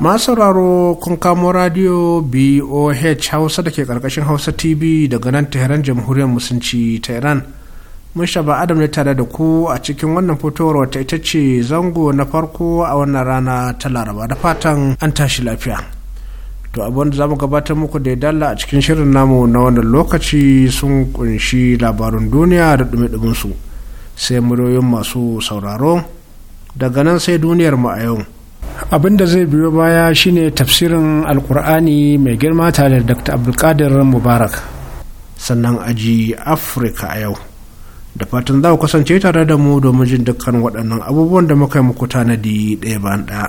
masu sauraro kun kamo radio boh hausa da ke karkashin hausa tv daga nan tehran jamhuriyar musulunci ta iran mun shaba adam ne tare da ku a cikin wannan fitowar wata ita ce zango na farko a wannan rana ta laraba da fatan an tashi lafiya to abin da za mu gabatar muku da dalla a cikin shirin namu na wannan lokaci sun kunshi labarun duniya da dumi su sai muryoyin masu sauraro daga nan sai duniyar mu a yau abin da zai biyo baya shine tafsirin alkur'ani mai girma tare da dr abdulkadir mubarak sannan aji afirka a yau da fatan za ku kasance tare da mu domin jin dukkan waɗannan abubuwan da muka yi muku tanadi ɗaya bayan ɗaya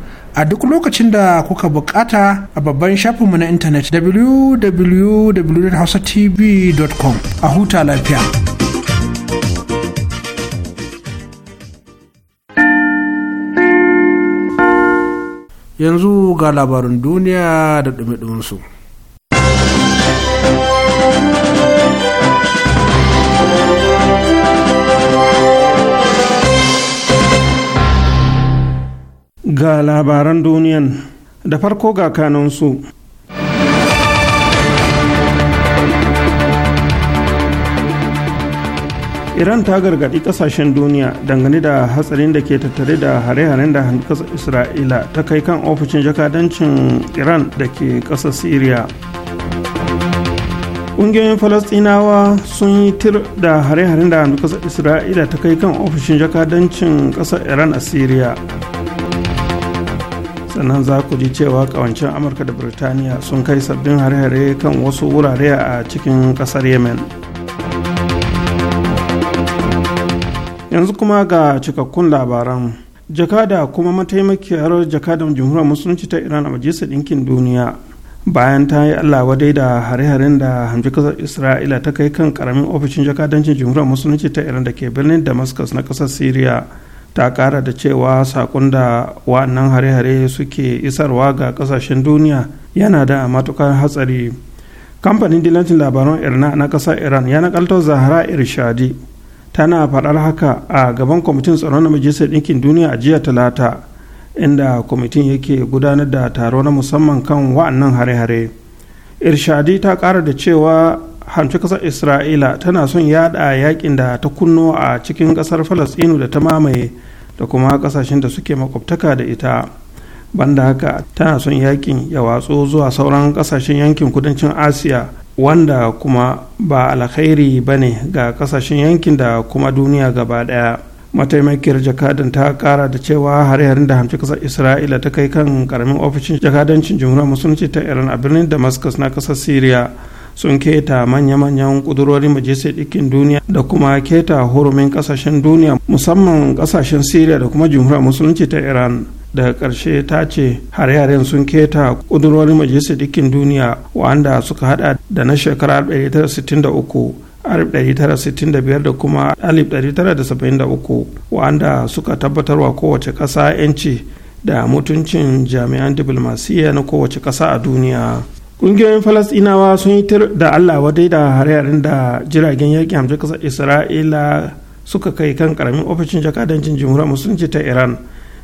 a duk lokacin da kuka bukata a babban shafinmu na intanet www.hausatv.com a huta lafiya. Yanzu ga labarin duniya da ɗumi su. ga labaran duniyan da farko ga kanansu iran ta gargaɗi ƙasashen duniya dangane da hatsarin da ke tattare da hare-haren da kasar isra'ila ta kai kan ofishin jakadancin iran da ke kasar syria ƙungiyoyin Falasdinawa sun yi tir da hare-haren da kasar isra'ila ta kai kan ofishin jakadancin kasar iran a syria sannan za ku ji cewa kawancin amurka da birtaniya sun kai sabbin hare-hare kan wasu wurare a cikin kasar yemen yanzu kuma ga cikakkun labaran jakada kuma mataimakiyar jakadan jamhuriyar musulunci ta iran a majalisar ɗinkin duniya bayan ta yi allah wadai da hare-haren da hamji kasar isra'ila ta kai kan karamin ofishin jakadancin jamhuriyar musulunci ta iran da ke birnin damascus na kasar syria ta kara da cewa sakon da wa'annan hare-hare suke isarwa ga kasashen duniya yana da matukar hatsari kamfanin dilancin labaran irna na kasar iran ya nakaltar zahara irshadi tana faɗar haka a gaban kwamitin Tsaro na majalisar ɗinkin duniya a jiya talata inda kwamitin yake gudanar da taro na musamman kan wa'annan hare-hare irshadi ta ƙara da cewa hamci kasar isra'ila tana son yada yakin da ta kunno a cikin kasar falastinu da ta mamaye da kuma kasashen da suke makwabtaka da ita banda haka tana son yakin ya watso zuwa sauran kasashen yankin kudancin asiya wanda kuma ba alkhairi ba ne ga kasashen yankin da kuma duniya gaba daya mataimakiyar jakadan ta kara da cewa har yarin da hamci kasar isra'ila ta kai kan karamin ofishin jakadancin jamhuriyar musulunci ta iran a birnin damascus na kasar syria sun keta manya-manyan kudurorin majalisar ɗikin duniya da kuma keta hurumin ƙasashen duniya musamman ƙasashen syria da kuma jumhuriyar musulunci ta iran daga ƙarshe ta ce hare-haren sun keta kudurorin majalisar ɗikin duniya wanda suka hada da na shekara 1963 1965 da kuma 1973 wanda suka tabbatarwa kowace ƙasa 'yanci da mutuncin jami'an diplomasiyya na kowace ƙasa a duniya ƙungiyoyin falasɗinawa sun yi tir da allah wadai da hare-haren da jiragen yaƙi hamsin ƙasar isra'ila suka kai kan ƙaramin ofishin jakadancin jimhuriyar musulunci ta iran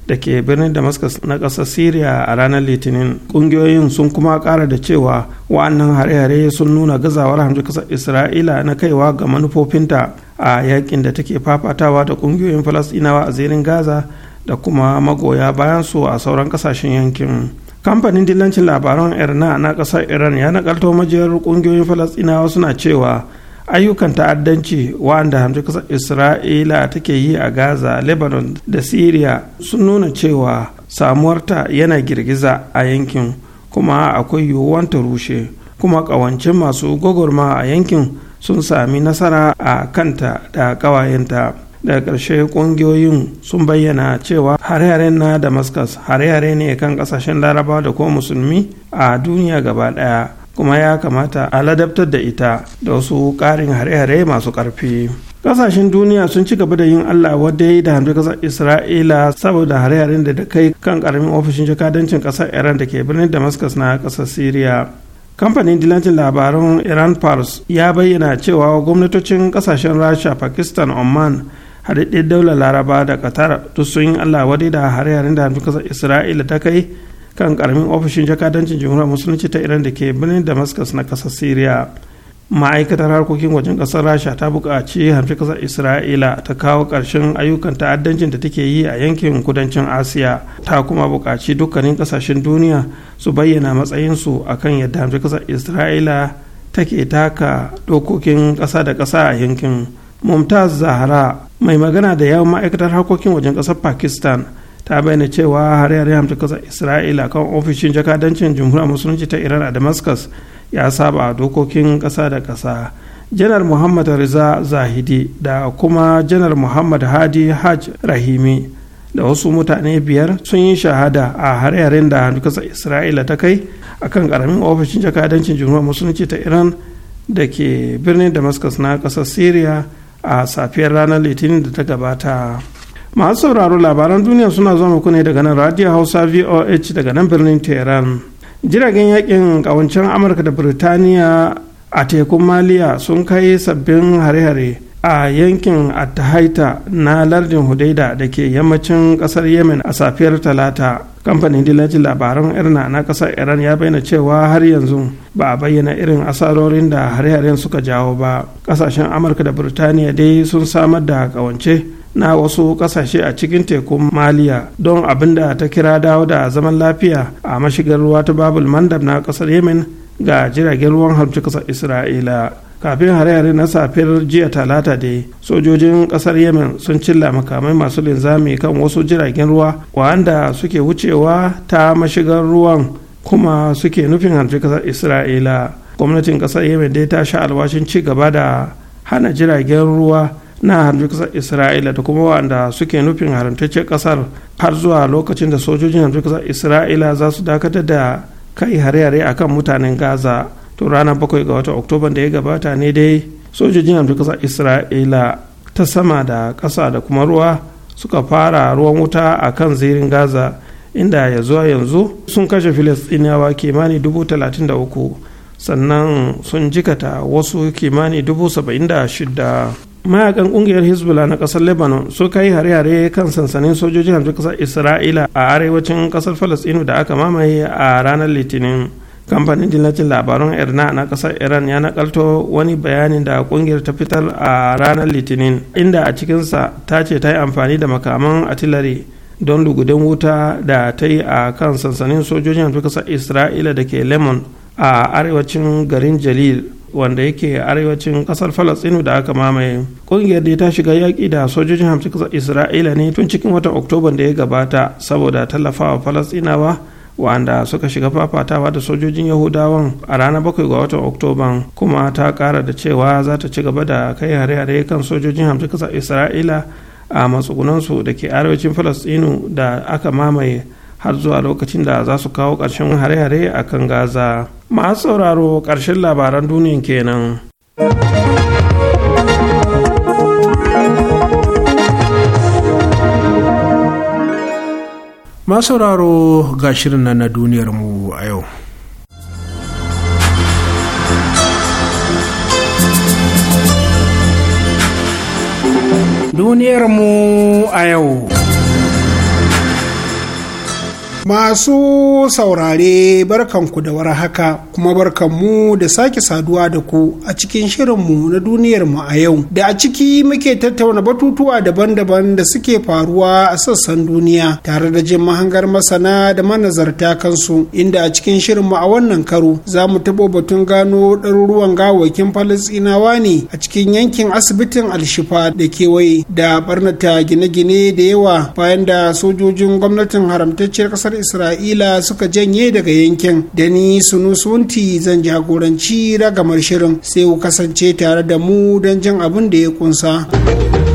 da ke birnin damascus na ƙasar syria a ranar litinin ƙungiyoyin sun kuma ƙara da cewa wa'annan hare-hare sun nuna gazawar hamsin ƙasar isra'ila na kaiwa ga manufofinta a yaƙin da take fafatawa da ƙungiyoyin falasɗinawa a zirin gaza da kuma magoya bayan su a sauran ƙasashen yankin. kamfanin dillancin labaran irna na ƙasar iran ya nakalto majiyar ƙungiyoyin falasɗinawa suna cewa ayyukan ta'addanci wanda hamsin kasar isra'ila take yi a gaza lebanon da syria sun nuna cewa samuwarta yana girgiza a yankin kuma akwai yiwuwan ta rushe kuma ƙawancin masu gwagwarma a yankin sun sami nasara a kanta da ƙawayenta daga ƙarshe ƙungiyoyin sun bayyana cewa hare-haren na damascus hare-hare ne kan ƙasashen larabawa da ko musulmi a duniya gaba ɗaya kuma ya kamata a ladabtar da ita da wasu ƙarin hare-hare masu ƙarfi ƙasashen duniya sun ci gaba da yin allah wadda da hamdu ƙasar isra'ila saboda hare-haren da kai kan ƙaramin ofishin jakadancin ƙasar iran da ke birnin damascus na ƙasar syria kamfanin dilancin labarun iran pars ya bayyana cewa gwamnatocin ƙasashen rasha pakistan oman haɗaɗɗen daular laraba da qatar duk sun yi allah wadai da har yaren da hamsin kasar isra'ila ta kai kan karamin ofishin jakadancin jamhuriyar musulunci ta iran da ke birnin damascus na kasar syria ma'aikatar harkokin wajen kasar rasha ta buƙaci hamsin kasar isra'ila ta kawo ƙarshen ayyukan ta'addancin da take yi a yankin kudancin asiya ta kuma buƙaci dukkanin ƙasashen duniya su bayyana matsayinsu akan yadda hamsin kasar isra'ila take taka dokokin ƙasa da ƙasa a yankin mumtaz zahra mai magana da yawon ma'aikatar harkokin wajen ƙasar pakistan ta bayyana cewa hare-hare hamta ƙasar isra'ila kan ofishin jakadancin jamhuriyar musulunci ta iran a damascus ya saba dokokin ƙasa da ƙasa janar muhammad riza zahidi da kuma janar muhammad hadi hajj rahimi da wasu mutane biyar sun yi shahada a hare-haren da ƙasar isra'ila ta kai akan karamin ofishin jakadancin jamhuriyar musulunci ta iran da ke birnin damascus na ƙasar syria a safiyar ranar litinin da ta gabata masu sauraro labaran duniya suna zuwa muku ne daga nan radio hausa voh daga nan birnin tehran jiragen yakin kawancen amurka da birtaniya a tekun maliya sun kai sabbin hare-hare a yankin attahaita na lardin hudaida da ke yammacin kasar yemen a safiyar talata kamfanin dillacin labaran irna na kasar iran ya bayyana cewa har yanzu ba a bayyana irin asarorin da hare-haren suka jawo ba kasashen amurka da burtaniya dai sun samar da kawance na wasu kasashe a cikin tekun maliya don abin da ta kira dawo da zaman lafiya a mashigar ruwa ta babul mandab na kasar yemen ga jiragen ruwan hamci kasar isra'ila kafin hare-hare na safiyar jiya talata da sojojin kasar yemen sun cilla makamai masu linzami kan wasu jiragen ruwa wanda suke wucewa ta mashigar ruwan kuma suke nufin harfi kasar isra'ila gwamnatin kasar yemen dai ta sha alwashin ci gaba da hana jiragen ruwa na harfi kasar isra'ila da kuma wanda suke nufin haramtaccen kasar har zuwa lokacin da sojojin harfi kasar isra'ila za su dakatar da kai hare-hare akan mutanen gaza to ranar bakwai ga wata oktoba da ya gabata ne dai sojojin hamdu kasar isra'ila ta sama da ƙasa da kuma ruwa suka fara ruwan wuta a kan zirin gaza inda ya zuwa yanzu sun kashe filistinawa kimani dubu talatin da uku sannan sun jikata wasu kimani dubu saba'in da shida mayakan kungiyar hezbollah na kasar lebanon suka yi hare-hare kan sansanin sojojin hamdu kasar isra'ila a arewacin kasar falastinu da aka mamaye a ranar litinin kamfanin dillacin labarun irna na kasar iran ya nakalto wani bayanin da kungiyar ta fitar a ranar litinin inda a cikinsa ta ce ta yi amfani da makaman atilari don lugudin wuta da ta yi a kan sansanin sojojin kasar isra'ila da ke lemon a arewacin garin jalil wanda yake arewacin kasar falasinu da aka mamaye kungiyar da ta shiga yaƙi da sojojin hamsin kasar isra'ila ne tun cikin watan oktoba da ya gabata saboda tallafawa falasɗinawa. wanda suka shiga fafatawa da sojojin yahudawan a ranar bakwai ga watan oktoban kuma ta kara da cewa za ta ci gaba da kai hare-hare kan sojojin hamsin kasar isra'ila a matsugunansu da ke arewacin falastinu da aka mamaye har zuwa lokacin da za su kawo ƙarshen hare-hare a kan gaza masu sauraro ƙarshen labaran duniyan kenan. masauraro ga shirin nan na duniyarmu a yau duniyarmu a yau Masu saurare barkanku da war haka kuma barkanmu da sake saduwa da ku a cikin shirin mu na duniyar mu a yau da a ciki muke tattauna batutuwa daban-daban da suke faruwa a sassan duniya tare da jin mahangar masana da manazarta kansu inda a cikin shirin mu a wannan karo za mu tabo batun gano ɗaruruwan gawakin falastinawa ne a cikin yankin asibitin alshifa da kewaye da barnata gine-gine da yawa bayan da sojojin gwamnatin haramtacciyar ƙasar isra'ila suka janye daga yankin da ni sunusunti zan jagoranci ragamar shirin sai ku kasance tare da mu don jin abin da ya kunsa.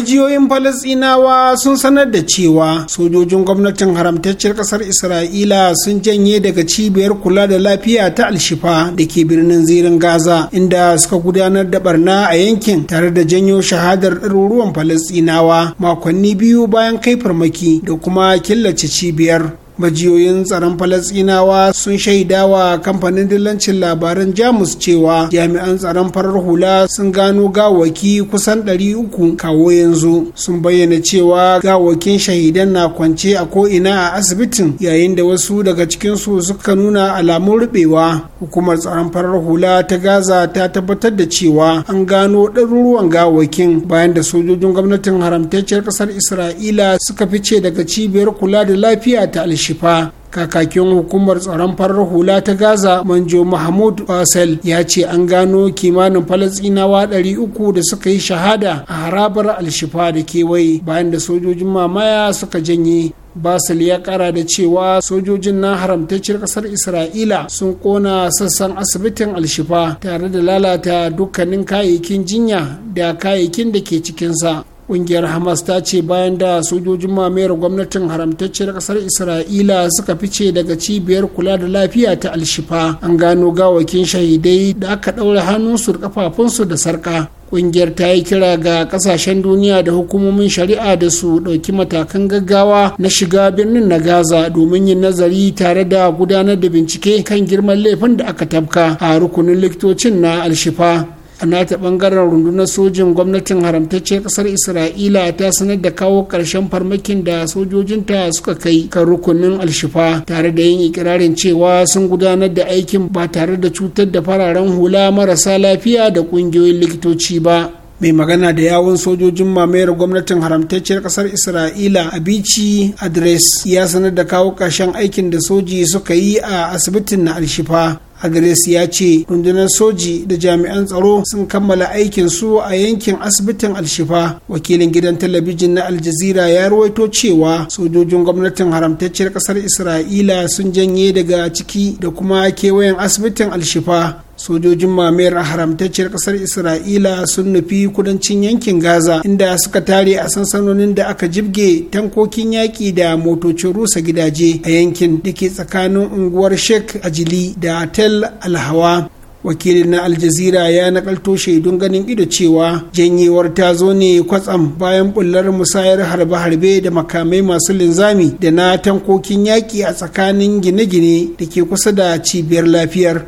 majiyoyin falasinawa sun sanar da cewa sojojin gwamnatin haramtacciyar kasar isra'ila sun janye daga cibiyar kula da lafiya ta alshifa da ke birnin zirin gaza inda suka gudanar da barna a yankin tare da janyo shahadar ɗaruruwan falasinawa makonni biyu bayan kai farmaki da kuma killace cibiyar majiyoyin tsaron falasinawa sun shaida wa kamfanin dillancin labaran jamus cewa jami'an tsaron farar hula sun gano gawaki kusan 300 kawo yanzu sun bayyana cewa gawakin shahidan na kwance a ko'ina a asibitin yayin da wasu daga cikinsu suka nuna alamun rubewa hukumar tsaron farar hula ta gaza ta tabbatar da cewa an gano ɗaruruwan gawakin bayan da sojojin gwamnatin haramtacciyar ƙasar isra'ila suka fice daga cibiyar kula da lafiya ta alshe shifa kakakin hukumar tsaron farar hula ta gaza manjo mahmud basel ya ce an gano kimanin falasinawa uku da suka yi shahada a harabar alshifa da kewaye bayan da sojojin mamaya suka janye basel ya kara da cewa sojojin na haramtacciyar kasar isra'ila sun kona sassan asibitin alshifa tare da lalata dukkanin kayayyakin jinya da kayayyakin da ke cikinsa kungiyar hamas ta ce bayan da sojojin mamayar gwamnatin haramtacciyar kasar isra'ila suka fice daga cibiyar kula da lafiya ta alshifa an gano gawakin shahidai da aka ɗaura hannunsu da kafafunsu da sarka kungiyar ta yi kira ga kasashen duniya da hukumomin shari'a da su ɗauki matakan gaggawa na shiga birnin na gaza domin yin nazari tare da gudanar da bincike kan girman laifin da aka tabka a rukunin likitocin na alshifa a nata bangaren rundunar sojin gwamnatin haramtacce kasar isra'ila ta sanar da kawo karshen farmakin da sojojinta suka kai kan rukunin alshifa tare da yin ikirarin cewa sun gudanar da aikin ba tare da cutar da fararen hula marasa lafiya da kungiyoyin likitoci ba mai magana da yawon sojojin mamayar gwamnatin haramtacciyar kasar isra'ila abici adres ya sanar da kawo ƙarshen aikin da soji suka yi a asibitin na alshifa adres ya ce rundunar soji da jami'an tsaro sun kammala aikin su a yankin asibitin alshifa wakilin gidan talabijin na aljazira ya ruwaito cewa sojojin gwamnatin haramtacciyar kasar isra'ila sun janye daga ciki da kuma kewayen asibitin alshifa sojojin mamayar haramtacciyar kasar isra'ila sun nufi kudancin yankin gaza inda suka tare a sansanonin da aka jibge tankokin yaƙi da motocin rusa gidaje a yankin da ke tsakanin unguwar sheikh ajili da tel alhawa wakilin na aljazira ya nakalto shaidun ganin ido cewa janyewar ta zo ne kwatsam bayan bullar musayar harbe-harbe da makamai masu linzami da na tankokin yaƙi a tsakanin gine-gine da ke kusa da cibiyar lafiyar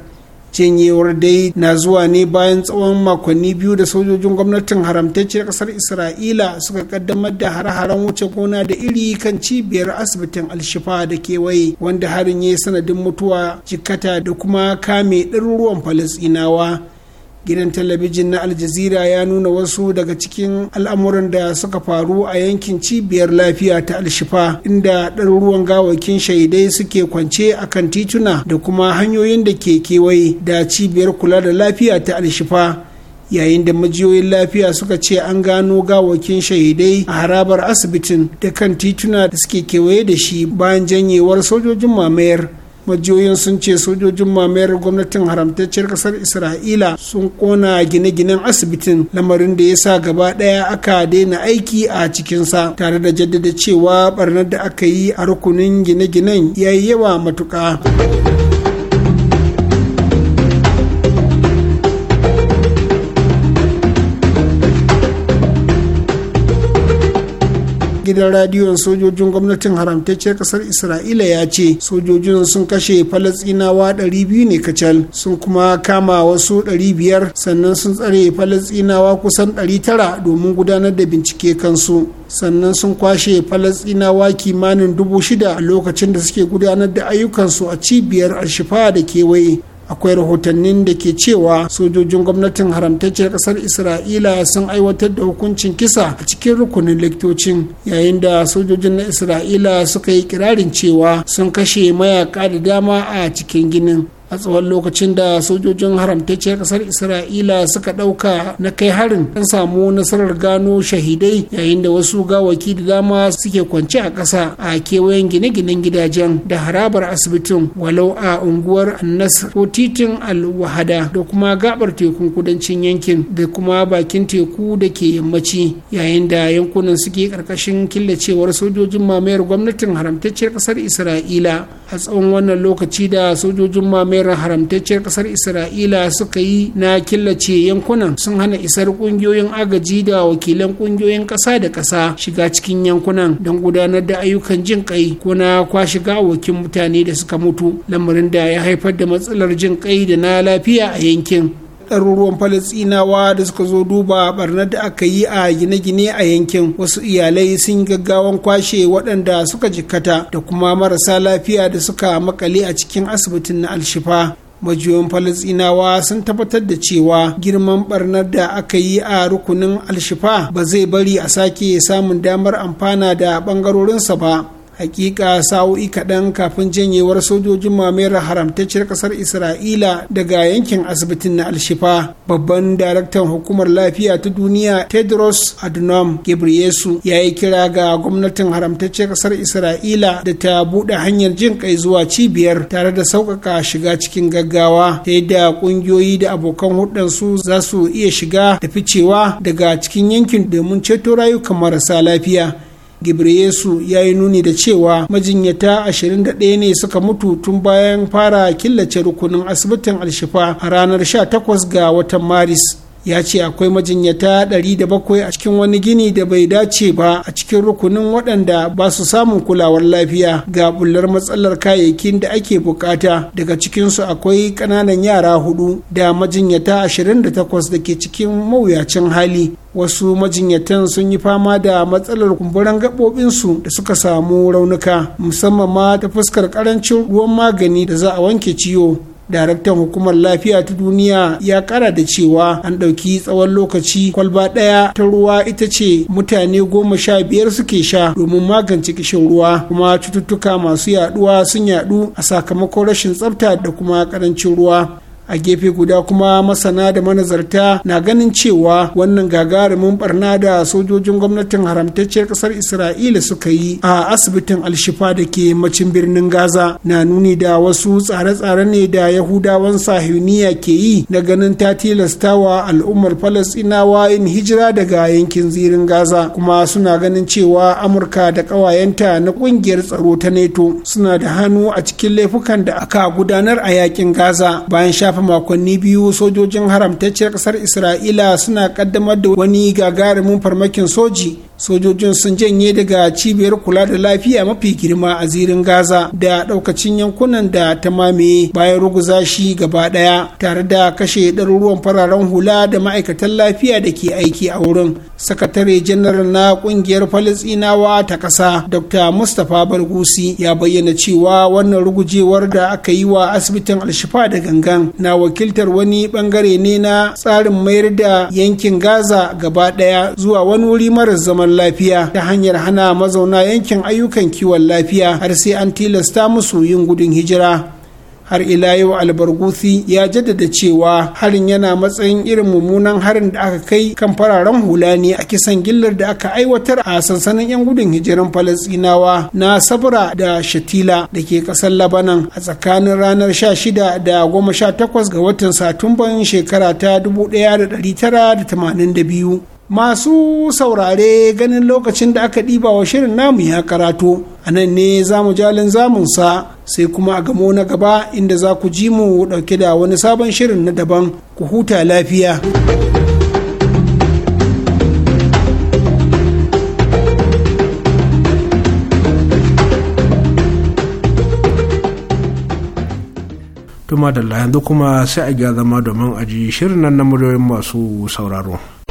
janyewar dai na zuwa ne bayan tsawon makonni biyu da sojojin gwamnatin haramtacciyar kasar isra'ila suka kaddamar da hare-haren wuce gona da iri kan cibiyar asibitin alshifa da kewaye wanda harin ya sanadin mutuwa jikkata da kuma kame ɗaruruwan falasɗinawa gidan talabijin na aljazira ya nuna wasu daga cikin al'amuran da suka faru a yankin cibiyar lafiya ta alshifa inda ɗaruruwan gawakin shaidai suke kwance a kan tituna da kuma hanyoyin da ke kewaye da cibiyar kula da lafiya ta alshifa yayin da majiyoyin lafiya suka ce an gano gawakin shahidai a harabar asibitin da kan tituna da suke kewaye da shi bayan janyewar sojojin mamayar majiyoyin sun ce sojojin mamayar gwamnatin haramtacciyar kasar isra'ila sun kona gine-ginen asibitin lamarin da ya sa gaba ɗaya aka daina aiki a cikinsa tare da jaddada cewa barnar da aka yi a rukunin gine-ginen ya yi yawa matuƙa. gidan radiyon sojojin gwamnatin haramtacciyar kasar isra'ila ya ce sojojin sun kashe falasinawa 200 ne kacal sun kuma kama wasu 500 sannan sun tsare falasinawa kusan 900 domin gudanar da bincike kansu sannan sun kwashe falasinawa kimanin dubu shida a lokacin da suke gudanar da ayyukansu a cibiyar alshifa da kewaye akwai rahotannin da ke cewa sojojin gwamnatin haramtacciyar kasar isra'ila sun aiwatar da hukuncin kisa a cikin rukunin likitocin yayin da sojojin na isra'ila suka yi kirarin cewa sun kashe mayaka da dama a cikin ginin a tsawon lokacin da sojojin haramtacciyar kasar isra'ila suka ɗauka na kai harin an samu nasarar gano shahidai yayin da wasu gawaki da dama suke kwance a ƙasa a kewayen gine-ginen gidajen da harabar asibitin walau a unguwar annas ko titin alwahada da kuma gabar tekun kudancin yankin da kuma bakin teku da ke yammaci yayin da yankunan suke ƙarƙashin killacewar sojojin mamayar gwamnatin haramtacciyar ƙasar isra'ila a tsawon wannan lokaci da sojojin mamayar haramtacciyar kasar isra'ila suka yi na killace yankunan sun hana isar kungiyoyin agaji da wakilan kungiyoyin kasa da kasa shiga cikin yankunan don gudanar da ayyukan jin kai ko na kwashi gawakin mutane da suka mutu lamarin da ya haifar da matsalar jin kai da na lafiya a yankin ɗaruruwan falasinawa da suka zo duba barnar da aka yi a gine-gine a yankin wasu iyalai sun gaggawan kwashe waɗanda suka jikkata da kuma marasa lafiya da suka makale a cikin asibitin na alshifa majiyoyin falasinawa sun tabbatar da cewa girman barnar da aka yi a rukunin alshifa ba zai bari a sake samun damar amfana da ɓangarorinsa ba hakika sa'o'i kaɗan kafin janyewar sojojin mamayar haramtacciyar ƙasar isra'ila daga yankin asibitin na alshifa babban daraktan hukumar lafiya ta duniya tedros adhanom ghebreyesus ya yi kira ga gwamnatin haramtacciyar ƙasar isra'ila da ta buɗe hanyar jin ƙai zuwa cibiyar tare da sauƙaƙa shiga cikin gaggawa ta yadda ƙungiyoyi da abokan hudansu za su iya shiga da ficewa daga cikin yankin domin ceto rayukan marasa lafiya gibreyesu ya yi nuni da cewa majinyata 21 ne suka mutu tun bayan fara killace rukunin asibitin alshifa a ranar 18 ga watan maris ya ce akwai majinyata 700 a cikin wani gini da bai dace ba a cikin rukunin waɗanda ba su samun kulawar lafiya ga bullar matsalar kayayyakin da ake bukata daga cikinsu akwai ƙananan yara hudu da majinyata 28 da ke cikin mawuyacin hali wasu majinyatan sun yi fama da matsalar kumburan gaɓoɓinsu da suka samu raunuka musamman ma ta fuskar ƙarancin ruwan magani da za a wanke ciwo daraktan hukumar lafiya ta duniya ya kara da cewa an ɗauki tsawon lokaci kwalba ɗaya ta ruwa ita ce mutane goma sha biyar suke sha domin magance kishin ruwa kuma cututtuka masu yaduwa sun yadu a sakamakon rashin tsafta da kuma karancin ruwa a gefe guda kuma masana da manazarta na ganin cewa wannan gagarumin barna da sojojin gwamnatin haramtacciyar kasar isra'ila suka yi a asibitin alshifa da ke macin birnin gaza na nuni da wasu tsare-tsare ne da yahudawan sahiyuniya ke yi na ganin ta tilasta wa al'ummar falasinawa in hijira daga yankin zirin gaza kuma suna ganin cewa amurka da ƙawayenta na ƙungiyar tsaro ta neto suna da hannu a cikin laifukan da aka gudanar a yakin gaza bayan shafa kafin makonni biyu sojojin haramtacciyar kasar isra'ila suna kaddamar da wani gagarumin farmakin soji sojojin sun janye daga cibiyar kula da lafiya mafi girma a zirin gaza da daukacin yankunan da ta mamaye bayan ruguza shi gaba daya tare da kashe ɗaruruwan fararen hula da ma'aikatan lafiya da ke aiki a wurin sakatare Janaral na kungiyar falisinawa ta ƙasa dr mustapha bargusi ya bayyana cewa wannan rugujewar da aka yi wa asibitin alshifa da gangan na wakiltar wani bangare ne na tsarin mayar da yankin gaza gaba daya zuwa wani wuri maras zaman kiwon lafiya ta hanyar hana mazauna yankin ayyukan kiwon lafiya har sai an tilasta musu yin gudun hijira har ila yau albarguthi ya jaddada cewa harin yana matsayin irin mummunan harin da aka kai kan fararen hula ne a kisan gillar da aka aiwatar a sansanin 'yan gudun hijiran falasinawa na sabra da shatila da ke kasar labanan a tsakanin ranar 16 da 18 ga watan satumban shekara ta 1982 masu saurare ganin lokacin da aka ɗiba wa shirin namu ya karatu a nan ne za mu jalin zamunsa sai kuma a gamo na gaba inda za ku ji mu ɗauke da wani sabon shirin na daban ku huta lafiya. tuma da yanzu kuma sai a gya zama domin a ji shirin nan na muryoyin masu sauraro.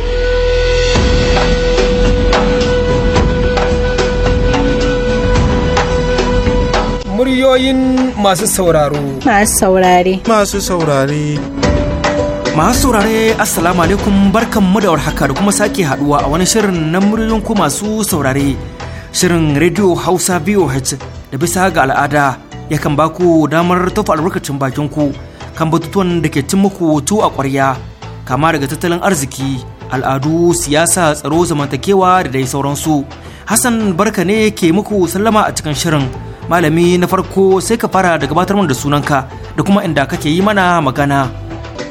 Muryoyin masu sauraro. Masu saurare. Masu saurare. Masu saurare Assalamu alaikum barkanmu da warhaka da kuma sake haduwa a wani shirin na muryoyin ku masu saurare. Shirin Radio Hausa VOH da bisa ga al'ada yakan baku damar tofa albarkacin bakin ku kan batutuwan da ke cin muku tu a ƙwarya kama daga tattalin arziki, al'adu, siyasa, tsaro, zamantakewa da dai sauransu. Hassan barka ne ke muku sallama a cikin shirin. malami na farko sai ka fara da gabatar mana da sunanka da kuma inda kake yi mana magana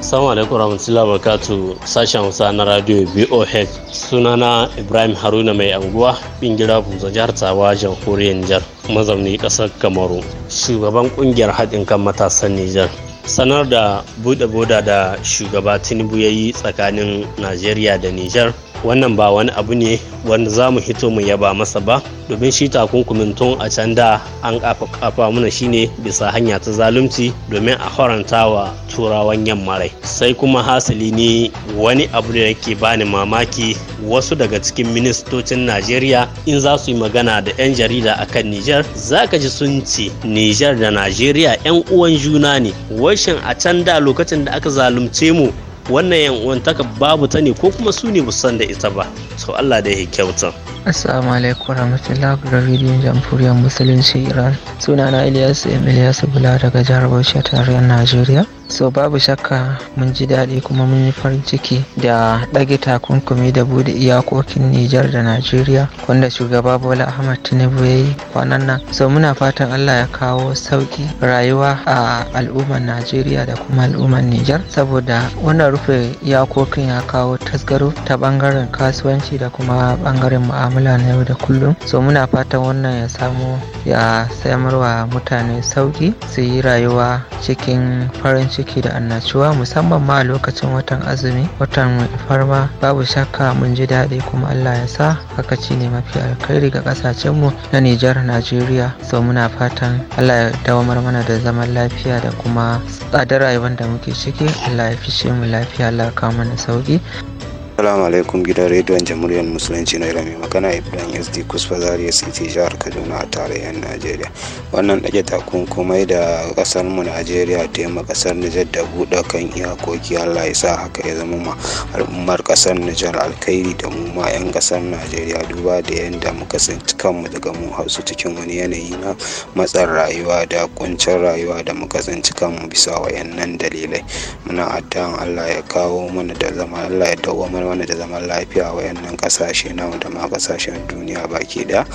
Assalamu alaikum warahmatullahi wabarakatuh sashen Hausa na radio BOH sunana Ibrahim Haruna mai anguwa bingira buzo jihar Tawa jamhuriyar Nijar mazauni kasar Kamaru shugaban kungiyar haɗin kan matasan Nijar sanar da buɗe boda da shugaba Tinubu yayi tsakanin Najeriya da Nijar wannan ba wani abu ne wanda za mu hito mu yaba masa ba domin shi takunkumin tun a can da an kafa mana shine bisa hanya ta zalunci domin a faranta wa turawan yamma rai sai kuma hasali ne wani abu da yake bani mamaki wasu daga cikin ministocin najeriya in za su yi magana da 'yan jarida akan niger za ka ji sun ce niger da najeriya 'yan uwan juna ne washin a can da lokacin da aka zalunce mu wannan yan uwantaka babu ta ne ko kuma su ne san da ita ba so Allah da ya kyauta Assalamu alaikum warahmatullahi wabarakatuh rediyon jamhuriyar musulunci Iran. Suna na ilyas Ilyasu Bula daga jihar Bauchi a tarayyar Najeriya. So babu shakka mun ji daɗi kuma mun yi farin ciki da ɗage takunkumi da buɗe iyakokin Nijar da Najeriya wanda shugaba Bola Ahmad Tinubu ya yi kwanan nan. So muna fatan Allah ya kawo sauƙi rayuwa a al'ummar Najeriya da kuma al'ummar Nijar saboda wannan rufe iyakokin ya kawo tasgaro ta ɓangaren kasuwanci da kuma ɓangaren mu'amala. mu'amala na yau da kullum so muna fatan wannan ya samo ya samarwa mutane sauki su yi rayuwa cikin farin ciki da annaciwa musamman ma a lokacin watan azumi watan farma babu shakka mun ji daɗi kuma allah ya sa haka ci ne mafi alkhairi ga ƙasashenmu na nijar najeriya so muna fatan allah ya dawamar mana da zaman lafiya da kuma tsadar rayuwar da muke ciki allah ya fishe mu lafiya allah ya kawo mana sauki Assalamu alaikum gidan rediyon jamhuriyar musulunci na Iran magana Ibrahim SD Kusfa Zaria City jihar Kaduna a tarayyar Najeriya. Wannan ɗage takunkumai da ƙasar mu Najeriya ta yi ƙasar Nijar da buɗe kan iyakoki Allah ya sa haka ya zama ma al'ummar ƙasar Nijar alkhairi da mu ma 'yan ƙasar Najeriya duba da yadda muka tsinci kanmu daga mu hausu cikin wani yanayi na matsan rayuwa da kuncin rayuwa da muka tsinci kanmu bisa wayannan dalilai. Muna addu'an Allah ya kawo mana da zama Allah ya dawo mana mana da zaman lafiya a wayannan kasashe namu da ma kasashen duniya baki da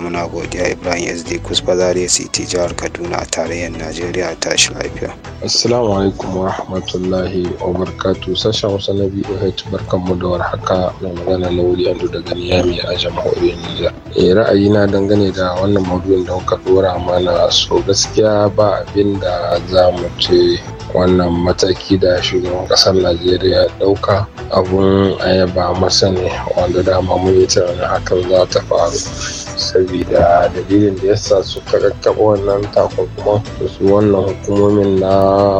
muna godiya ibrahim sd kusfa zare city jihar kaduna a tarayyar najeriya tashi lafiya assalamu alaikum wa rahmatullahi wa barkatu! sashen hausa na boh mu da warhaka mai magana na wuri andu daga niyami a jamhuriyar nijar eh, ra'ayina dangane da wannan maudu'in da kuka ɗora mana so gaskiya ba abinda da za mu ce wannan mataki da shugaban kasar najeriya ya dauka abun ayaba masa ne wanda dama mun yi tunanin hakan za ta faru saboda dalilin da yasa suka kakkaɓa wannan da su wannan hukumomin na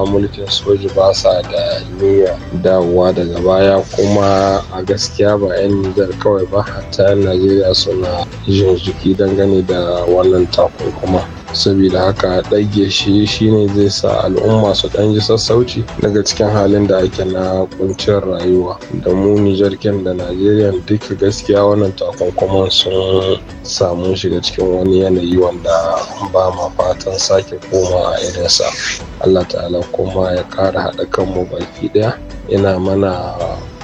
mulkin soji ba sa da niyya dawowa daga baya kuma a gaskiya ba 'yan nijar kawai ba hatta najeriya suna jin jiki dangane da wannan takunkuma saboda haka ɗage shi shine zai sa al'umma su ɗan ji sassauci daga cikin halin da ake na kuncin rayuwa da mu nijar ken da najeriya duk gaskiya wannan takunkuman sun samu shiga cikin wani yanayi wanda ba ma fatan sake koma a irinsa allah ta'ala kuma ya kara haɗa kanmu baki ɗaya ina mana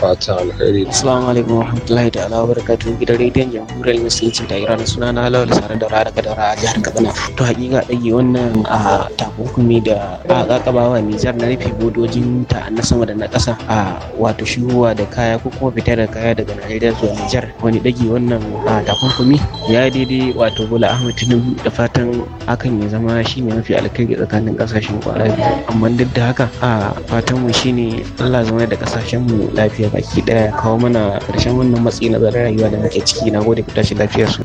fata alheri. Assalamu alaikum warahmatullahi ta'ala barakatuh gidan rediyon jamhuriyar musulunci ta Iran suna na Lawal Sare da Rada Kadara a jihar Kaduna. To hakika dage wannan a takunkumi da a kakabawa Nijar na rufe bodojin ta na sama da na kasa a wato shigowa da kaya ko kuma fitar da kaya daga Najeriya zuwa Nijar wani dage wannan a takunkumi ya daidai wato Bola Ahmed Tinubu da fatan hakan ya zama shine mafi alkhairi tsakanin kasashen kwara amma duk da haka a fatan mu shine Allah zama da kasashen mu lafiya baki daya kawo mana karshen wannan matsi na tsaron rayuwa da muke ciki na gode ku tashi lafiyar su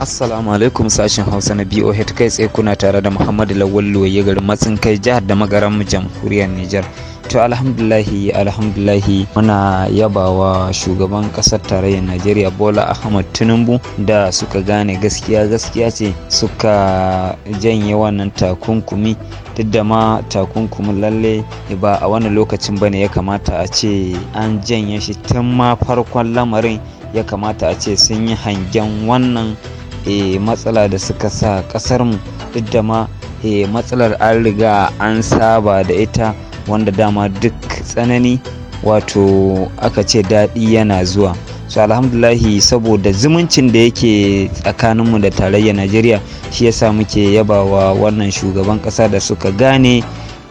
Assalamu alaikum sashen Hausa na BOH kai tsaye kuna tare da Muhammadu Lawal Luwaye garin Matsin kai jihar da magaran jamhuriyar Nijar. to alhamdulahi alhamdulahi muna yabawa shugaban kasar tarayyar najeriya bola ahmad tinubu da suka gane gaskiya gaskiya ce suka janye wannan takunkumi duk da ma takunkumin lalle ba a wani lokacin bane ya kamata a ce an janye shi tun ma farkon lamarin ya kamata a ce sun yi hangen wannan e, matsala da suka sa kasarmu duk da ma eh, matsalar an riga an saba da ita wanda dama duk tsanani wato aka ce daɗi yana zuwa so alhamdulahi saboda zumuncin da yake tsakaninmu da tarayyar najeriya shi yasa muke yabawa wannan shugaban ƙasa da suka gane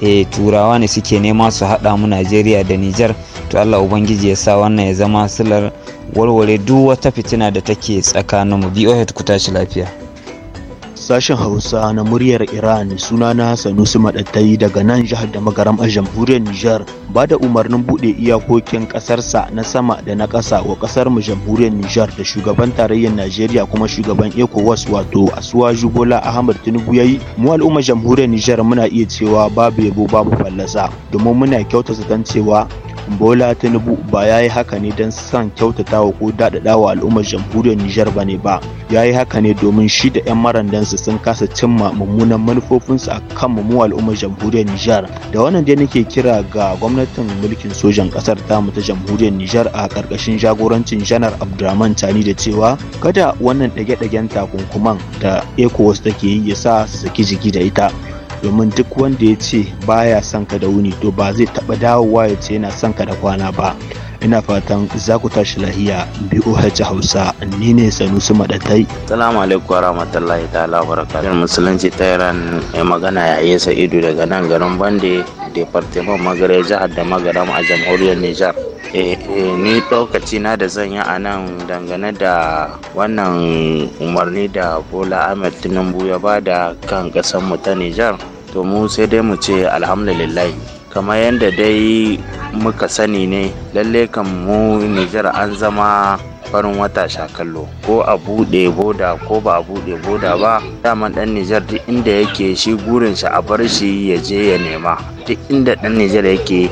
e turawa ne suke nema su haɗa mu najeriya da nijar to allah ubangiji ya sa wannan ya zama silar warware duk wata fitina da take tsakaninmu boh ku tashi lafiya Sashen Hausa na muryar Iran suna na Sanusi Maɗatai daga nan jihar da magaram a jamhuriyar Nijar ba da umarnin buɗe iyakokin ƙasarsa na sama da na ƙasa wa ƙasar mu jamhuriyar Nijar da shugaban tarayyar Najeriya kuma shugaban ECOWAS wato Asuwaju Bola Ahmad Tinubu ya yi. mu al'umma jamhuriyar Nijar muna iya cewa babu yabo babu fallasa domin muna kyautata cewa Bola Tinubu ba ya yi haka ne don son kyautatawa ko daɗaɗawa al'ummar jamhuriyar Nijar ba ne ba, ya yi haka ne domin shi da 'yan marandansa sun kasa cimma mummunan manufofinsu a kan mu al'ummar jamhuriyar Nijar. Da wannan dai nake kira ga gwamnatin mulkin sojan ƙasar tamu ta jamhuriyar Nijar a ƙarƙashin jagorancin Janar Abdulrahman Tani da cewa kada wannan ɗage-ɗagen takunkuman da ECOWAS take yi ya sa su saki jiki da ita. domin duk wanda ya ce baya son ka da wuni to ba zai taba dawowa ya ce yana son ka da kwana ba ina fatan za ku tashi lahiya biyu BOH Hausa ni ne Sanusi Madatai. Salamu alaikum wa rahmatullahi ta'ala wa barakatuh. Musulunci ta Iran mai magana ya iya sa'idu daga nan garin Bande, Departement Magare jihar da Magaram a jamhuriyar Nijar. Eh, eh, ni ɗaukaci na da zan yi a nan dangane da wannan umarni da Bola Ahmed Tinubu ya da kan ƙasar mu ta Nijar. to mu sai dai mu ce alhamdulillah kamar yadda dai muka sani ne lalle kan mu nijar an zama farin wata shakallo ko a buɗe boda ko ba a buɗe boda ba daman dan nijar duk inda yake shi gurin shi a bar shi ya je ya nema duk inda ɗan nijar yake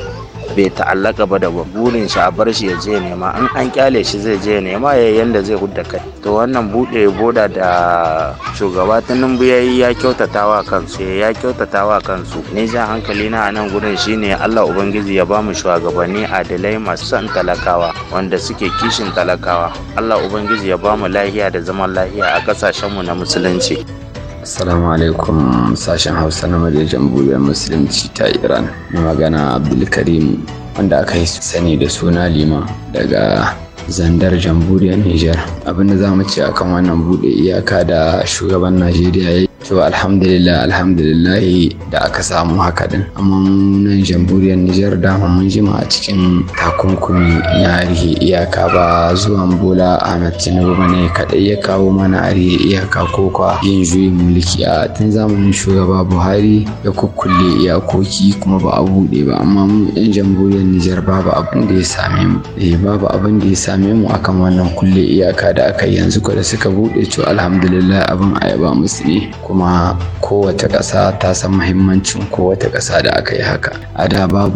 bai ta'allaka ba da burin shi a bar shi ya je nema in an kyale shi zai je nema ya yanda zai hudda kai to wannan bude boda da shugaba numbu ya yi ya kyautata wa kansu ya kyautata wa kansu ni ja hankali na a nan gurin shine Allah ubangiji ya bamu shugabanni adalai masu son talakawa wanda suke kishin talakawa Allah ubangiji ya bamu lahiya da zaman lahiya a kasashenmu na musulunci Assalamu alaikum sashen Hausa na Madiyar Jamhuriyar Musulunci ta Iran. Magana Abdulkarim wanda aka yi sani da suna Lima daga zandar jamhuriyar Nijar. Abin da za mu ce akan wannan buɗe iyaka da shugaban Najeriya ya to alhamdulillah alhamdulillah da aka samu haka din amma nan jamhuriyar Nijar dama mun jima a cikin takunkumi na rihe iyaka ba zuwa Bola Ahmed Tinubu ne, kadai ya kawo mana a iyaka ko kwa yin juyin mulki a tun zamanin shugaba Buhari ya kukkulle iyakoki kuma ba a buɗe ba amma mu yan jamhuriyar Nijar babu abin da ya same mu eh babu abin da ya same mu akan wannan kulle iyaka da aka yanzu ko suka buɗe to alhamdulillah abin ayaba musu ne ko kuma kowace ƙasa ta san mahimmancin kowace ƙasa da aka yi haka a da ba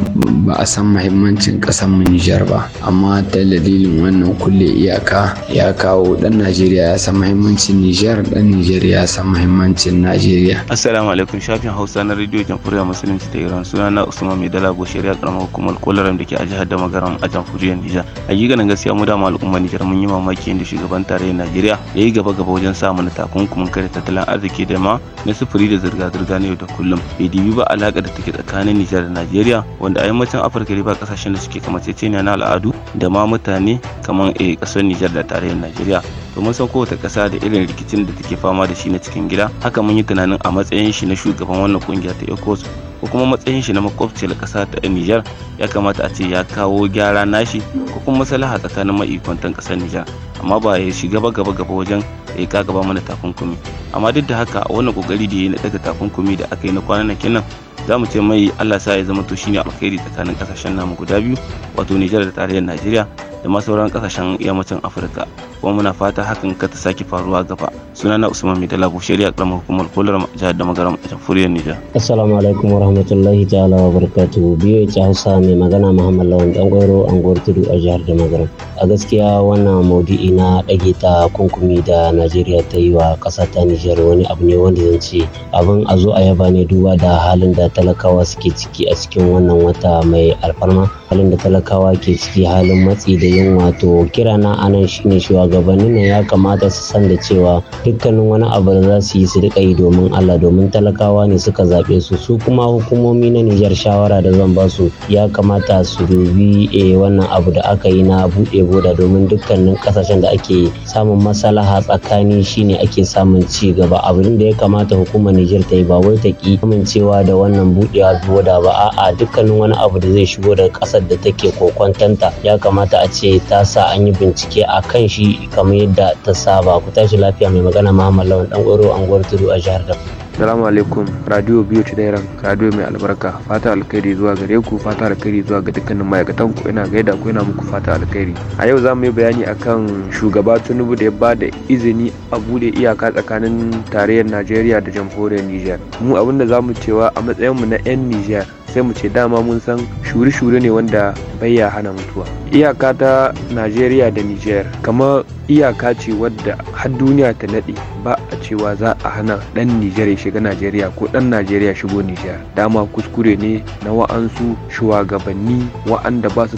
a san mahimmancin ƙasar mu Nijar ba amma ta dalilin wannan kulle iyaka ya kawo dan Najeriya ya san mahimmancin Nijar dan Nijar ya san mahimmancin Najeriya Assalamu alaikum shafin Hausa na Radio Jamhuriyar Musulunci ta Iran suna na Usman Mai Dala shari'a karamar hukumar Kolaram da ke a jihar Damagaram a Jamhuriyar Nijar ganin gaskiya mu dama al'ummar Nijar mun yi mamaki yadda shugaban tarayyar Najeriya ya yi gaba gaba wajen samun takunkumin kare tattalin arziki da dama na sufuri da zirga-zirga na yau da kullum bai dibi ba alaƙa da take tsakanin nijar da najeriya wanda a yammacin afirka ne ba kasashen da suke kamanceceniya na al'adu da ma mutane kamar a eh, ƙasar nijar da tarayyar najeriya domin san kowace ƙasa da irin rikicin da take fama da shi na cikin gida haka mun yi tunanin a matsayin shi na shugaban wannan kungiya ta ecos ko kuma matsayin shi na makwabciyar ƙasa ta Nijar ya kamata a ce ya kawo gyara nashi ko kuma maslaha tsakanin ma'ikwantan ƙasar Nijar amma ba ya shiga gaba gaba gaba wajen ya ka gaba mana takunkumi amma duk da haka a wannan kokari da ya na daga takunkumi da aka yi na kwanakin nan za mu ce mai Allah sa ya zama to shine alkhairi tsakanin kasashen namu guda biyu wato Nijar da tarayyar Najeriya da ma sauran kasashen yammacin afirka kuma muna fata hakan ka ta sake faruwa gaba sunana usman mai dala bushari a karamar hukumar kolar jihar da magaram a jamhuriyar nijar assalamu alaikum warahmatullahi ta'ala wa barakatuhu biyo ta hausa mai magana muhammad lawan dangoro anguwar tudu a jihar da magaram a gaskiya wannan maudu'i na ɗage ta kunkumi da najeriya ta yi wa ƙasa ta nijar wani abu ne wanda zan ce abin a zo a yaba ne duba da halin da talakawa suke ciki a cikin wannan wata mai alfarma halin da talakawa ke ciki halin matsi da yin wato. kira na anan shine shugabannin nan ya kamata su san da cewa dukkanin wani abu da za su yi su rika yi domin Allah domin talakawa ne suka zaɓe su su kuma hukumomi na Nijar shawara da zan ba su ya kamata su dubi eh, wannan abu da aka yi na buɗe boda domin dukkanin kasashen da ake samun masalaha tsakani shine ake samun ci gaba abin da ya kamata hukumar Nijar ta yi ba wai ta ki amincewa da wannan buɗewa boda ba a'a dukkanin wani abu da zai shigo daga ƙasar siyasar da take kokwantanta ya kamata a ce ta sa an yi bincike a kan shi kamar yadda ta saba ku tashi lafiya mai magana ma Lawan dan ƙwaro anguwar tudu a jihar da Salamu alaikum radio biyu ta dairan radio mai albarka fata alkhairi zuwa gare ku fata alkhairi zuwa ga dukkanin ma'aikatan ku ina gaida ku ina muku fata alkhairi a yau za mu yi bayani akan shugaba tinubu da ya ba da izini a bude iyaka tsakanin tarayyar najeriya da jamhuriyar niger mu abin da za mu cewa a matsayin mu na yan niger sai mu ce dama mun san shure-shure ne wanda ya hana mutuwa iyaka ta najeriya da niger kamar iyaka ce wadda har duniya ta nade ba a cewa za a hana dan nijar ya shiga najeriya ko dan najeriya shigo niger dama kuskure ne na wa'ansu shugabanni wa'anda ba su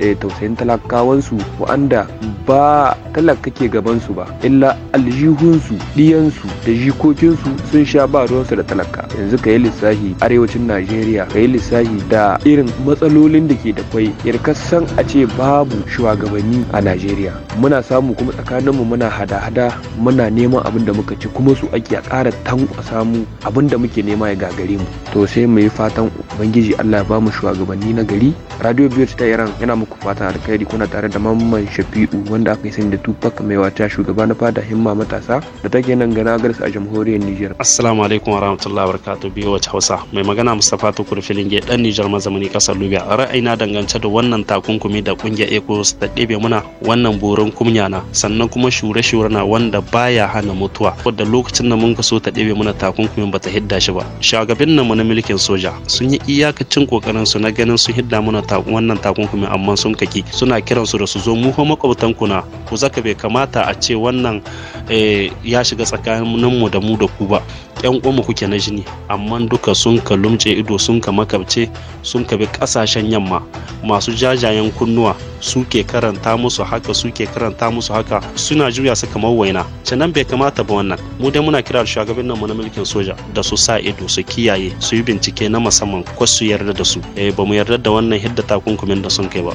eh, tausayin talakawansu wa'anda ba talaka ke gabansu ba illa aljihunsu diyansu da jikokinsu sun sha ba ruwansu da talaka yanzu ka yi lissafi arewacin najeriya ka yi lissafi da irin matsalolin da ke da kwai irkassan a ce babu shugabanni a najeriya muna samu kuma tsakaninmu muna hada-hada muna neman abin da muka ci kuma su ake a ƙara a samu abin da muke nema ya gagare mu to sai mu yi fatan ubangiji allah ya ba mu shugabanni na gari radio biyu ta iran yana muku fatan alkhairi kuna tare da mamman shafi'u wanda aka yi sani da tupac mai wata shugaba na fada himma matasa da take nan gana garsa a jamhuriyar niger assalamu alaikum wa barakatu biyu wace hausa mai magana mustapha tukur filinge dan nijar mazamani kasar ra'ayi na dangance da wannan takunkumi da kungiyar ecos da ɗebe muna wannan burin kumya na sannan kuma shure-shure na wanda baya hana mutuwa wadda lokacin da mun so ta ɗebe muna takunkumin bata hidda shi ba shagabin namu na mulkin soja sun yi iyakacin kokarin su na ganin sun hidda muna wannan takunkumi amma sun kaki suna kiran su da su zo mu makwabtan ku na ku zaka bai kamata a ce wannan eh, ya shiga tsakanin mu da mu da ku ba yan uwanmu kuke na jini amma duka sun ka lumce ido sun ka makabce sun ka bi kasashen yamma masu jajayen kunnuwa suke karanta musu haka suke karanta musu haka suna juya su kamar waina canan bai kamata ba wannan mu dai muna kira shugaban nan na mulkin soja da su sa ido su kiyaye su yi bincike na musamman kwasu su yarda da su eh ba mu yarda da wannan hidda takunkumin da sun kai ba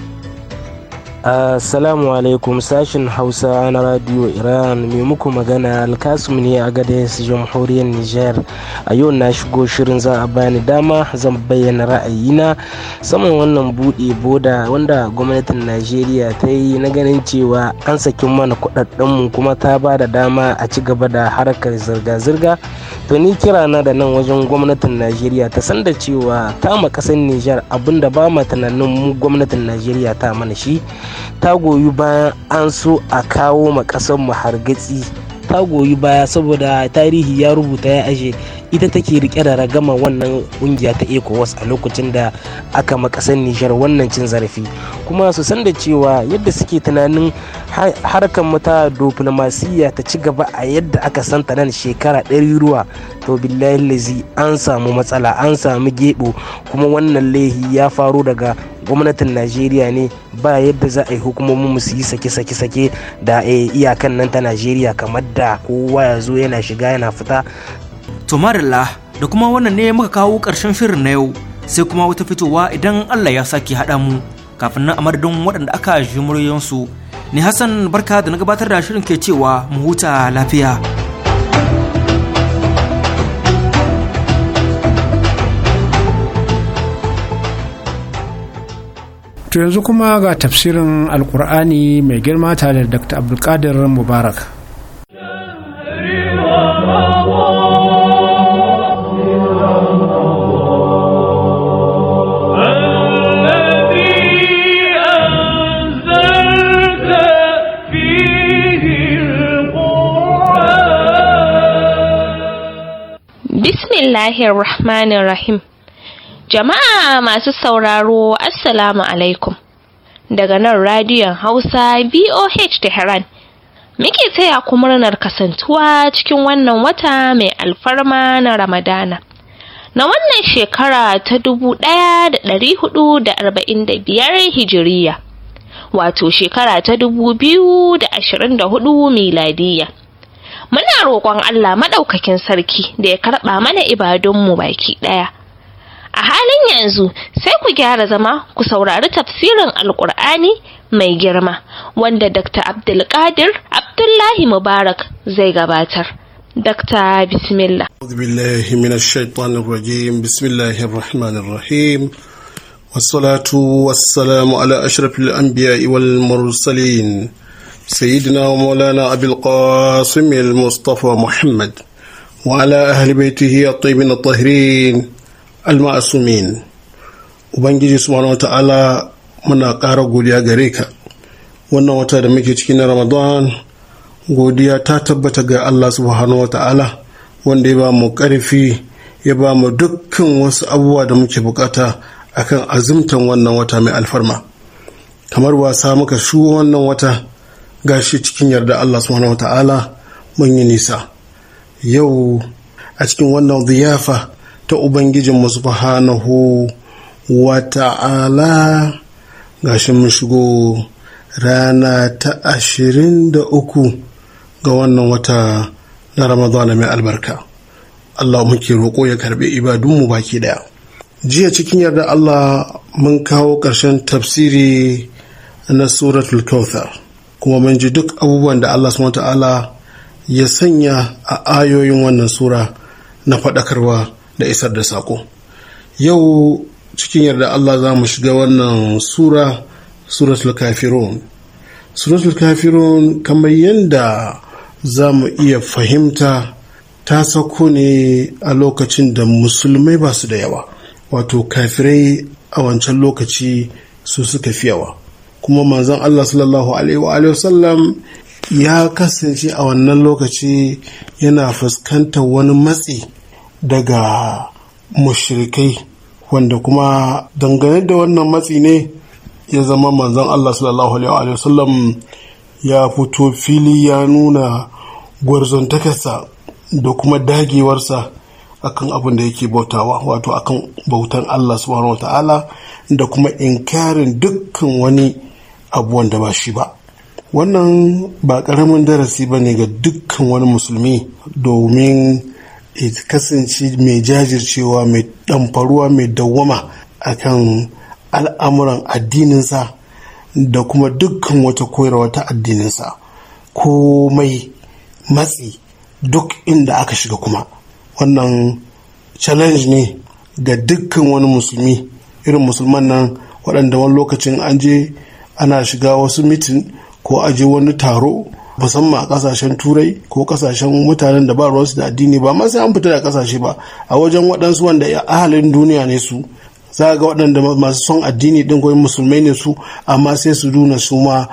Assalamu alaikum sashin Hausa na Radio Iran mai muku magana Alkasum ne a gadis jamhuriyar Nijar. A yau na shigo shirin za a bani dama zan bayyana ra'ayina saman wannan buɗe boda wanda gwamnatin Najeriya ta yi na ganin cewa an sakin mana mu kuma ta ba da dama a ci gaba da harkar zirga-zirga. To ni kira na da nan wajen gwamnatin Najeriya ta san da cewa ta ma ƙasar Nijar abinda ba ma tunanin mu gwamnatin Najeriya ta mana shi. ta goyi bayan an so a kawo ma ƙasar mu hargitsi ta goyi baya saboda tarihi ya rubuta ya ashe ita take rike da ragama wannan kungiya ta ecowas a lokacin da aka makasar nijar wannan cin zarafi kuma su san da cewa yadda suke tunanin harkar mata diflomasiyya ta ci gaba a yadda aka san ta nan shekara ɗari ruwa to billahi lazi an samu matsala an samu gebo kuma wannan laihi ya faro daga gwamnatin najeriya ne ba yadda za a yi hukumomin mu su yi sake-sake-sake da eh, iyakan nan ta najeriya kamar da kowa ya zo yana shiga yana fita tumarilla da kuma wannan ne muka kawo karshen shirin na yau sai kuma wata fitowa idan allah ya sake haɗa mu kafin nan a madadin waɗanda aka ji muryoyinsu ni hassan barka da na gabatar da shirin ke cewa mu huta lafiya to yanzu kuma ga tafsirin alkur'ani mai girma tare da dr abdulkadir mubarak Bismillahirrahmanirrahim. Jama'a masu sauraro Assalamu alaikum daga nan radiyon Hausa BOH Tehran muke taya ku murnar kasantuwa cikin wannan wata mai alfarma na Ramadana na wannan shekara ta dubu ɗaya da ɗari da da arba'in da biyar Hijiriya wato shekara ta dubu biyu da ashirin da hudu miladiya. Muna roƙon Allah maɗaukakin sarki da ya karɓa mana ibadunmu baki ɗaya. a halin yanzu sai ku gyara zama ku saurari tafsirin alkur'ani mai girma wanda dr abdulkadir abdullahi mubarak zai gabatar dr bismillah billahi minash shaitanir rajim bismillahir rahmanir rahim ala ashrafil anbiya'i wal سيدنا ومولانا أبي القاسم المصطفى محمد وعلى أهل بيته الطيبين الطاهرين almasumin ubangiji subhanahu wa ta'ala muna ƙara godiya gare ka wannan wata da muke ciki na ramadan godiya ta tabbata ga allah subhanahu wa ta'ala wanda ya ba mu ƙarfi ya ba mu dukkan wasu abubuwa da muke bukata kan azimtan wannan wata mai alfarma kamar wasa muka shu wannan wata gashi cikin yarda allah subhanahu wa ta'ala mun yi nisa yau a cikin wannan ziyafa ta ubangijinmu subhanahu wa ta'ala gashi mun shigo rana ta ashirin da uku ga wannan wata na ramadana mai albarka Allah muke roƙo ya karɓi ibadunmu baki ɗaya jiya cikin yarda Allah mun kawo ƙarshen tafsiri na suratul kauthar kuma mun ji duk abubuwan da Allah subhanahu ta'ala ya sanya a ayoyin wannan sura na faɗakarwa da isar da sako yau cikin yarda Allah za mu shiga wannan sura suratul kafirun suratul kafirun kamar yadda za mu iya fahimta ta sako ne a lokacin da musulmai ba su da yawa wato kafirai a wancan lokaci su suka fi yawa kuma manzon Allah sallallahu alaihi wa sallam ya kasance a wannan lokaci yana fuskantar wani matsi daga mushrikai wanda kuma dangane da wannan matsi ne ya zama manzon Allah sallallahu alaihi wasallam ya fito fili ya nuna gwarzon takasa da kuma dagewarsa akan abin da yake bautawa wato akan bautan Allah subhanahu wa ta'ala da kuma inkarin dukkan wani abu wanda ba shi ba wannan ba ƙaramin darasi ba ne ga dukkan wani musulmi domin ta kasance mai jajircewa mai damfaruwa mai dawwama kan al'amuran addininsa da kuma dukkan wata koyarwa ta addininsa ko mai matsi duk inda aka shiga kuma wannan challenge ne ga dukkan wani musulmi irin musulman nan waɗanda wani lokacin an je ana shiga wasu mitin ko aje wani taro musamman a kasashen turai ko kasashen mutanen da ba ruwansu da addini ba ma sai an fita da kasashe ba a wajen waɗansu wanda ahalin duniya ne su za ga waɗanda masu son addini ɗin ko musulmai ne su amma sai su nuna su ma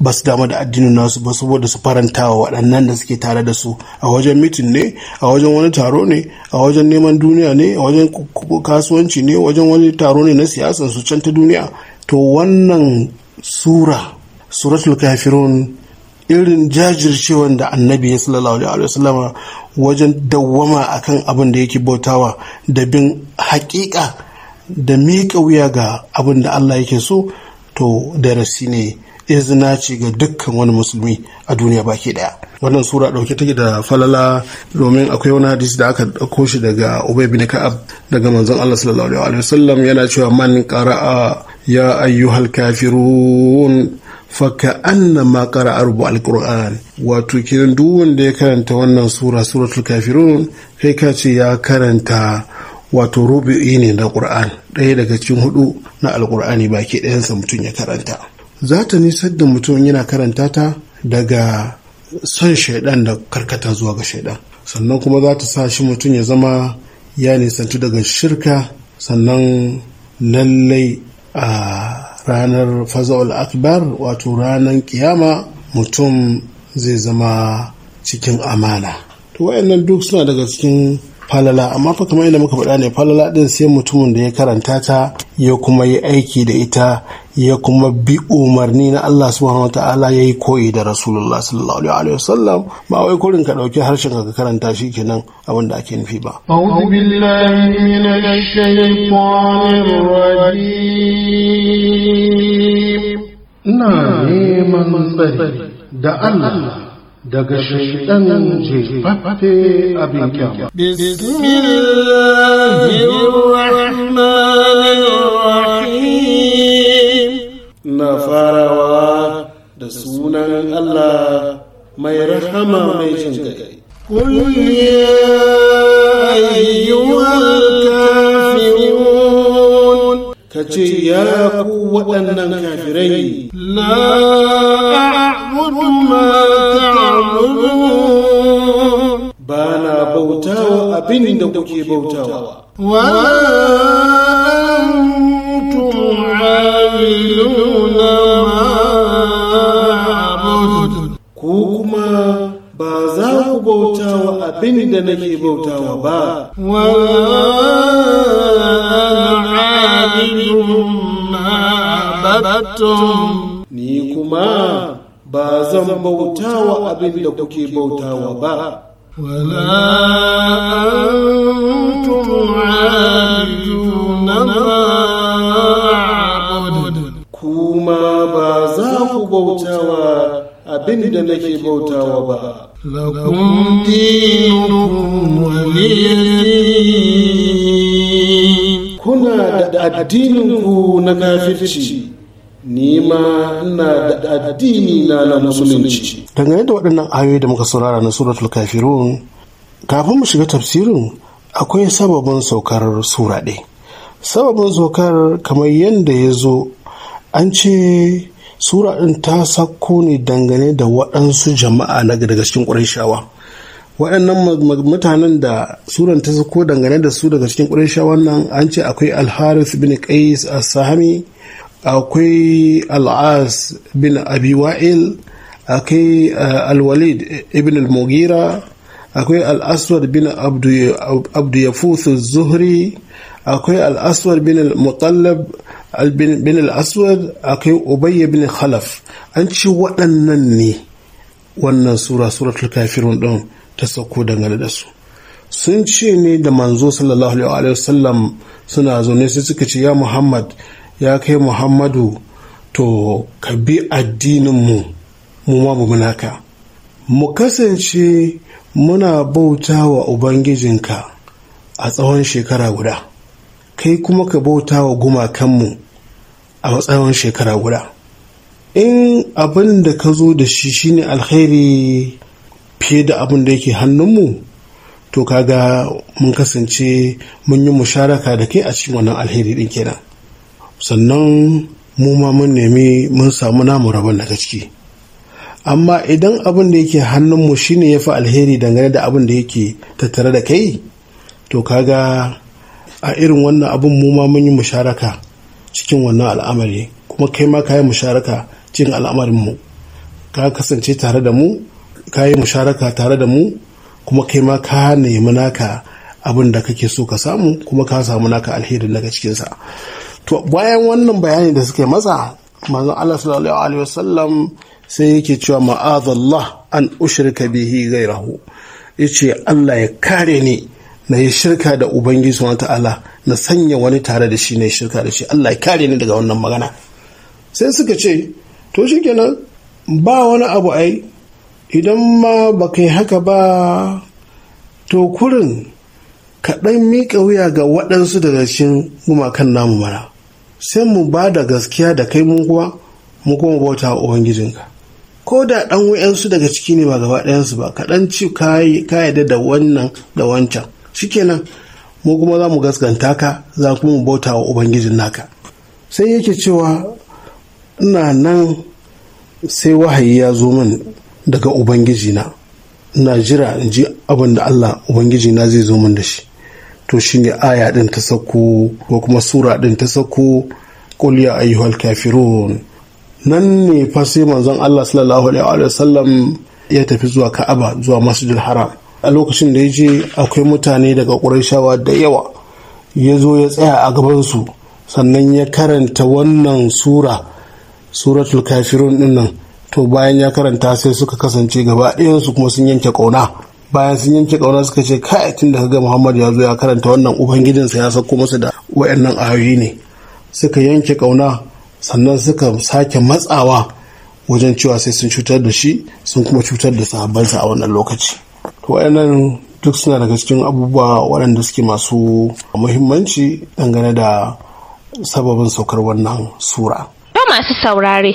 ba su damu da addinin nasu ba saboda su faranta wa waɗannan da suke tare da su a wajen mitin ne a wajen wani taro ne a wajen neman duniya ne a wajen kasuwanci ne wajen wani taro ne na siyasa su can ta duniya to wannan sura suratul kafirun irin jajircewan da annabi ya sallallahu alaihi wasallama wajen dawwama akan abin da yake bautawa da bin haƙiƙa da miƙa wuya ga abin da Allah yake so to darasi ne izina ce ga dukkan wani musulmi a duniya baki daya wannan sura dauke take da falala domin akwai wani hadisi da aka dauko shi daga ubay bin ka'ab daga manzon Allah sallallahu alaihi wasallam yana cewa man qara'a ya ayyuhal kafirun faka na ma qara arbu alkur'an wato kiran duk wanda ya karanta wannan sura suratul kafirun kai ka ce ya karanta wato rubu'i ne na qur'an ɗaya daga cikin hudu na alkur'ani baki ɗayansa mutum ya karanta za ta nisar da mutum yana karanta ta daga son shaidan da karkata zuwa ga shaidan sannan kuma za ta sa shi mutum ya zama ya nisanci daga shirka sannan lallai a ah, ranar faza'ul akbar wato ranar kiyama mutum zai zama cikin amana to wayannan duk suna daga cikin falala amma fa kamar yadda muka faɗa ne falala ɗin sai mutumin da ya karanta ta ya kuma yi aiki da ita ya kuma bi umarni na Allah subhanahu ta'ala ya yi koyi da rasulullah sallallahu alaihi wasallam ba wai kurin ka ɗauki harshen ka karanta shi kenan abin da ake nufi ba. Ina neman tsari da Allah بسم الله الرحمن الرحيم نفر رسول الله ما يرحم من قل يا أيها الكافرون كتي يا قوة أن لا أعبد ما ba na bauta wa abin da kuke bautawa. wa ku kuma ba za ku bauta abin da nake bautawa ba wa ni kuma ba zan bauta wa abin da kuke bautawa ba wala kuma ba za ku bautawa abin da nake bautawa ba lakum kuna da addinin ku na kafirci ni ma ina da addini na na musulunci dangane da waɗannan ayoyi da muka saurara na suratul kafirun kafin mu shiga tafsirin akwai sababin saukar sura ɗaya sababin saukar kamar yadda ya zo an ce sura ɗin ta sakko ne dangane da waɗansu jama'a na daga cikin ƙurashawa waɗannan mutanen da suran ta sako dangane da su daga cikin ƙurashawan nan an ce akwai alharis bin qais as-sahami akwai al'as bin abi wa'il akwai eh, alwalid ibn al-mugira akwai al'aswar bin abdu yafuth zuhri akwai al'aswar bin al-mutallab bin aswar akwai ubayya bin khalaf an ci waɗannan ne wannan sura suratul kafirun ɗin ta sauko dangane da su sun ce ne da manzo sallallahu alaihi wasallam suna zaune sai suka ce ya muhammad ya kai muhammadu to ka bi addininmu mu ma mu naka mu kasance muna bauta wa ubangijinka a tsawon shekara guda kai kuma ka bauta wa gumakanmu a tsawon shekara guda in abin da ka zo da shi shine alkhairi fiye da abin da yake hannunmu to kaga mun kasance mun yi musharaka da kai a cikin wannan alheri din kenan sannan mu ma mun nemi mun samu namu rabon daga ciki amma idan abin da yake mu shine ya fi alheri dangane da abin da yake tattare da kai to kaga a irin wannan abin mu ma mun yi musharaka cikin wannan al'amari kuma kai ma ka yi musharaka cikin al'amarinmu ka kasance tare da mu ka yi musharaka tare da mu kuma kai ma ka nemi naka abin da kake so ka samu kuma ka samu naka alherin daga cikinsa to bayan wannan bayani da suke masa manzon Allah sallallahu alaihi wasallam sai yake cewa Allah an ushrika bihi gairahu yace Allah ya kare ni na yi shirka da ubangiji subhanahu ta'ala na sanya wani tare da shi na shirka da shi Allah ya kare ni daga wannan magana sai suka ce to shikenan ba wani abu ai idan ma ba kai haka ba to kurin kaɗan miƙa wuya ga waɗansu daga cikin gumakan namu mara. sai mu ba da gaskiya da kai mun kuwa mu kuma bauta wa ubangijinka ko da ɗan wayansu daga ciki ne ba gaba ɗayansu ba kaɗan ci ka yadda da wannan da wancan shikenan mu kuma za mu gaskanta ka za kuma mu bauta wa ubangijin naka sai yake cewa ina nan sai wahayi ya zo min daga ubangijina ina jira in ji abin da allah ubangijina zai zo min da shi to shine aya din ta sako ko kuma sura ɗin ta sako qul ya ayyuhal kafirun nan ne fa sai manzon Allah sallallahu alaihi wa sallam ya tafi zuwa Ka'aba zuwa Masjidil Haram a lokacin da ya je akwai mutane daga Qurayshawa da yawa ya zo ya tsaya a gaban su sannan ya karanta wannan sura suratul kafirun din to bayan ya karanta sai suka kasance gaba su kuma sun yanke ƙauna bayan sun yanke ƙauna suka ce kai tun da kaga Muhammad ya zo ya karanta wannan ubangijinsa ya sako masa da wayannan ayoyi ne suka yanke ƙauna sannan suka sake matsawa wajen cewa sai sun cutar da shi sun kuma cutar da sahabbansa a wannan lokaci to wayannan duk suna daga cikin abubuwa waɗanda suke masu muhimmanci dangane da sababin saukar wannan sura. Ba masu saurare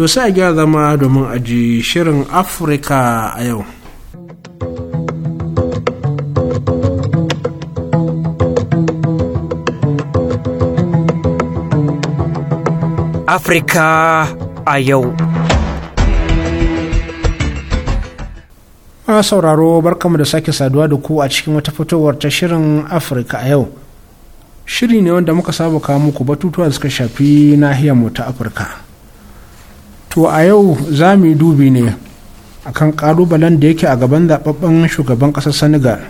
to sai gyara zama domin aji shirin afirka a yau afirka a yau a sauraro barkamu da sake saduwa da ku a cikin wata fitowar ta shirin afirka a yau shiri ne wanda muka saba kawo muku batutuwa da suka shafi nahiyar mu ta afirka to a yau za mu yi dubi ne a kan ƙalubalen da yake a gaban zaɓaɓɓen shugaban ƙasar senegal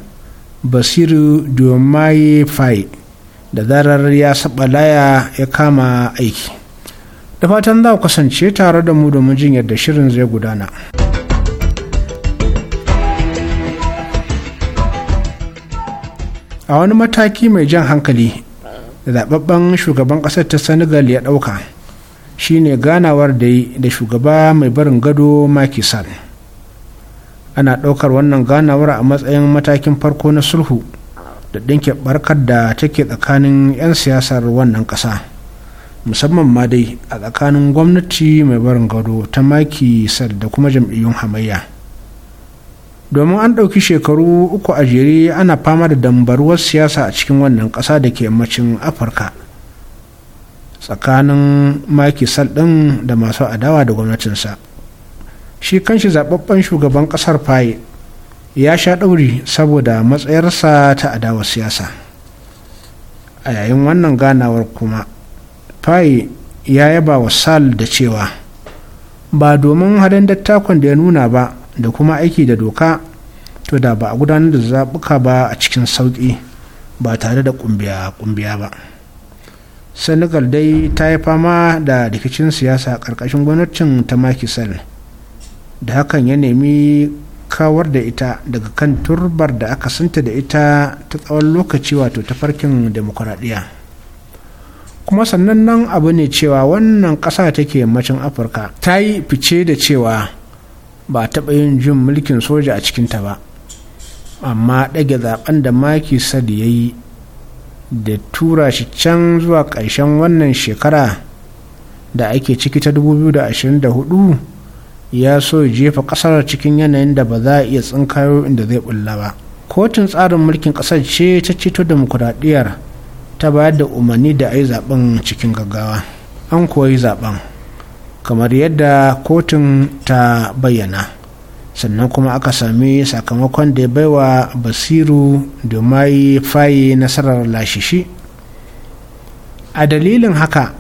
basiru diomaye faye da zarar ya saba laya ya kama aiki da fatan za ku kasance tare da mu domin jin yadda shirin zai gudana a wani mataki mai jan hankali da zaɓaɓɓen shugaban ƙasar ta senegal ya ɗauka shine ganawar da yi da shugaba mai barin gado makisal Ana ɗaukar wannan ganawar a matsayin matakin farko na sulhu da ɗinke barkar da take tsakanin 'yan siyasar wannan ƙasa. Musamman ma dai a tsakanin gwamnati mai barin gado ta makisal da kuma jam'iyyun hamayya. Domin an ɗauki shekaru uku a jere ana fama da dambaruwar siyasa a cikin wannan ƙasa da ke yammacin Afirka. tsakanin makisal ɗin da masu adawa da gwamnatinsa shi kanshi zaɓaɓɓen shugaban ƙasar faye ya sha ɗauri saboda matsayarsa ta adawa siyasa a yayin wannan ganawar kuma faye ya yaba wa sal da cewa ba domin hadin dattakon da ya nuna ba da kuma aiki da doka to da ba a gudanar da zaɓuka ba a cikin sauƙi ba tare da ƙumbiya-ƙumbiya ba. senegal dai ta yi fama da rikicin siyasa ƙarƙashin gwamnatin ta makisal da hakan ya nemi kawar da ita daga kan turbar da aka santa da ita ta tsawon lokaci wato ta farkin demokuraɗiyya kuma sannan nan abu ne cewa wannan ƙasa take yammacin afirka ta yi fice da cewa ba taɓa yin jin mulkin soja a cikinta ba amma ɗage zaben da maki sadi ya yi da tura shi can zuwa ƙarshen wannan shekara da ake ciki ta 2024 ya so jefa ƙasar cikin yanayin da ba za a iya tsinkayo inda zai bulla ba kotun tsarin mulkin ƙasar ce ta ceto demokuraɗiyar ta bayar da umarni da a yi zaben cikin gaggawa an koyi zaben kamar yadda kotun ta bayyana sannan kuma aka sami sakamakon da ya baiwa basiru da mai faye nasarar lashishi a dalilin haka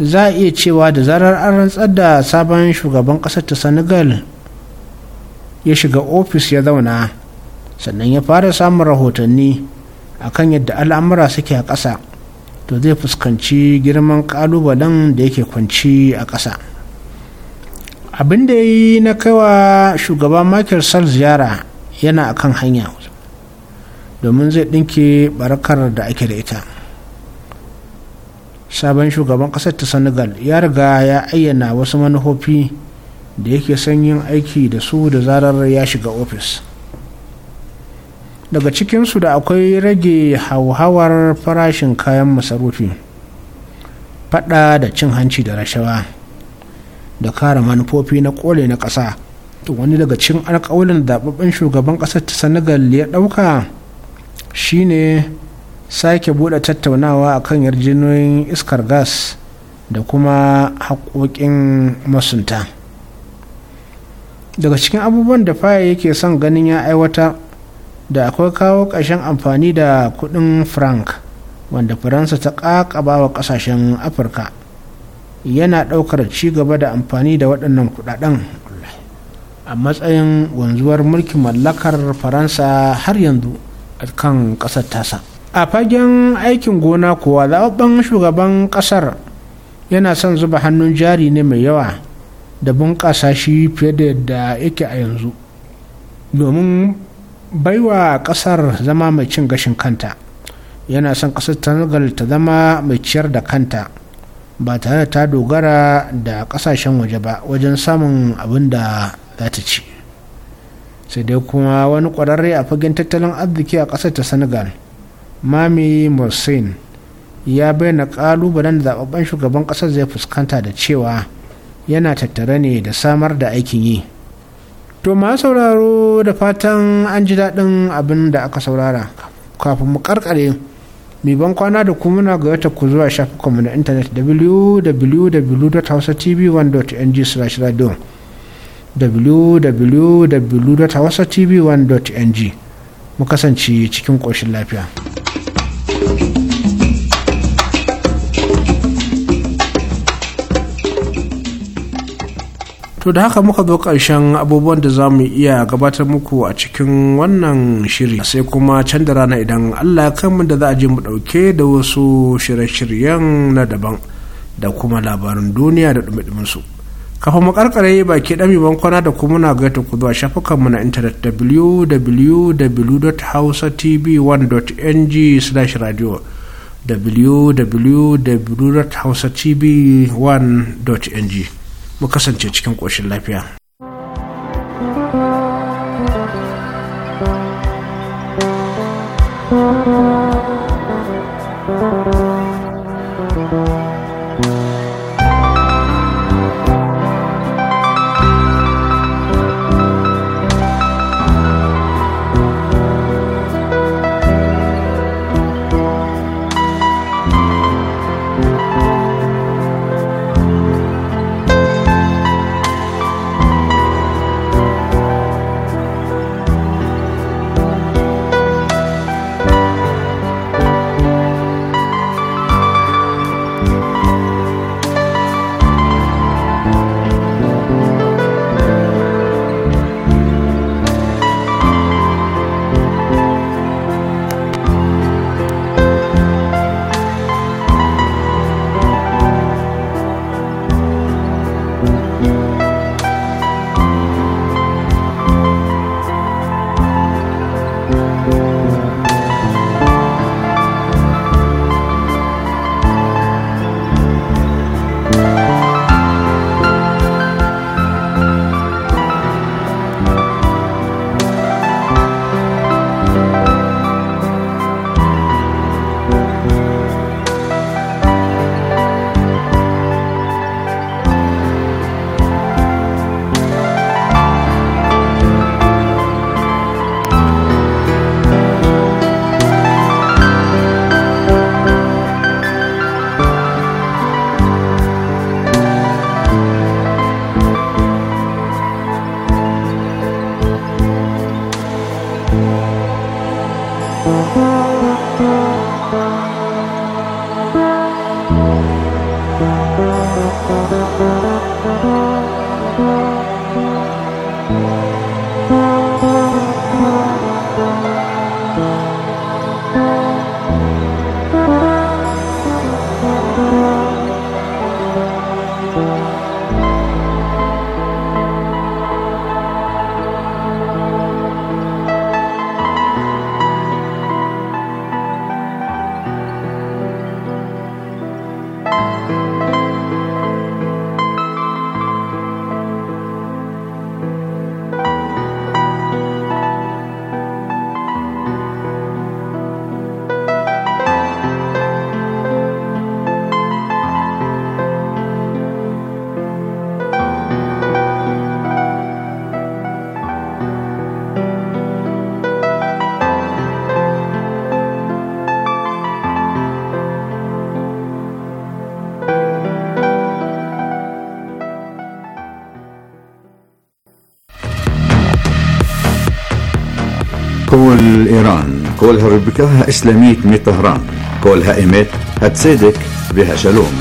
za a iya cewa da zarar an rantsar da sabon shugaban ƙasar ta senegal ya shiga ofis ya zauna sannan ya fara samun rahotanni akan yadda al'amura suke a ƙasa to zai fuskanci girman ƙalubalen da yake kwanci a ƙasa. abin da ya yi na kaiwa shugaba michael sal ziyara yana a kan hanya domin zai ɗinke barakar da ake da ita sabon shugaban ƙasar ta senegal ya riga ya ayyana wasu manufofi da yake son yin aiki da su da zarar ya shiga ofis daga cikinsu da akwai rage hauhawar farashin kayan masarufi fada da cin hanci da rashawa da kare manufofi na kole na ƙasa wani daga cikin alƙawalin zababben shugaban ƙasar ta senegal ya ɗauka shine sake buɗe tattaunawa akan yarjinoyin iskar gas da kuma haƙoƙin masunta daga cikin abubuwan da faya yake son ganin ya aiwata da akwai kawo ƙarshen amfani da kuɗin frank wanda faransa ta ƙaƙaba wa ƙasashen afirka yana ɗaukar ci gaba da amfani da waɗannan kuɗaɗen a matsayin wanzuwar mulkin mallakar faransa har yanzu a kan ƙasar tasa a fagen aikin gona kuwa zaɓaɓɓen shugaban ƙasar yana son zuba hannun jari ne mai yawa da bunƙasa shi fiye da yadda yake a yanzu domin baiwa ƙasar zama mai cin gashin kanta yana son ƙasar ta zama mai ciyar da kanta ba tare da ta dogara da kasashen waje ba wajen samun abin da za ta ci sai dai kuma wani kwararre a fagen tattalin arziki a ƙasar ta senegal mami morsin ya bayyana ƙalubalen da zababben shugaban ƙasar zai fuskanta da cewa yana tattare ne da samar da aikin yi to ma sauraro da fatan an ji daɗin abin da aka saurara kafin mu karkare mai ban kwana da kuma na ga wata ku zuwa shafukanmu na intanet www.hausatv1.ng/radio www.hausatv1.ng mu kasance cikin ƙoshin lafiya. to da haka muka zo ƙarshen abubuwan da za mu iya gabatar muku a cikin wannan shiri sai kuma can da rana idan allah kanmu da za a je mu ɗauke da wasu shirye-shiryen na daban da kuma labarin duniya da ɗumi su kafa mu karkare baki ɗami bankwana da kuma na gaita ku zuwa shafukanmu na intanet www.hausatv1.ng/radio www.hausatv1.ng mu kasance cikin ƙoshin lafiya إيران كلها ربكاها إسلاميت من طهران كلها إيمت هتصدق بها شلوم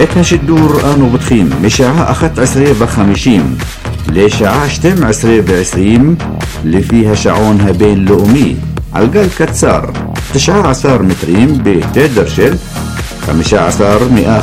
إتنش الدور آنو بتخيم مشاعة أخت عسرية بخمشيم ليش عاشتم عسرية بعسريم اللي فيها شعونها بين لؤمي عالقال كتسار تشعى عسار متريم شل خمشة عسار مئة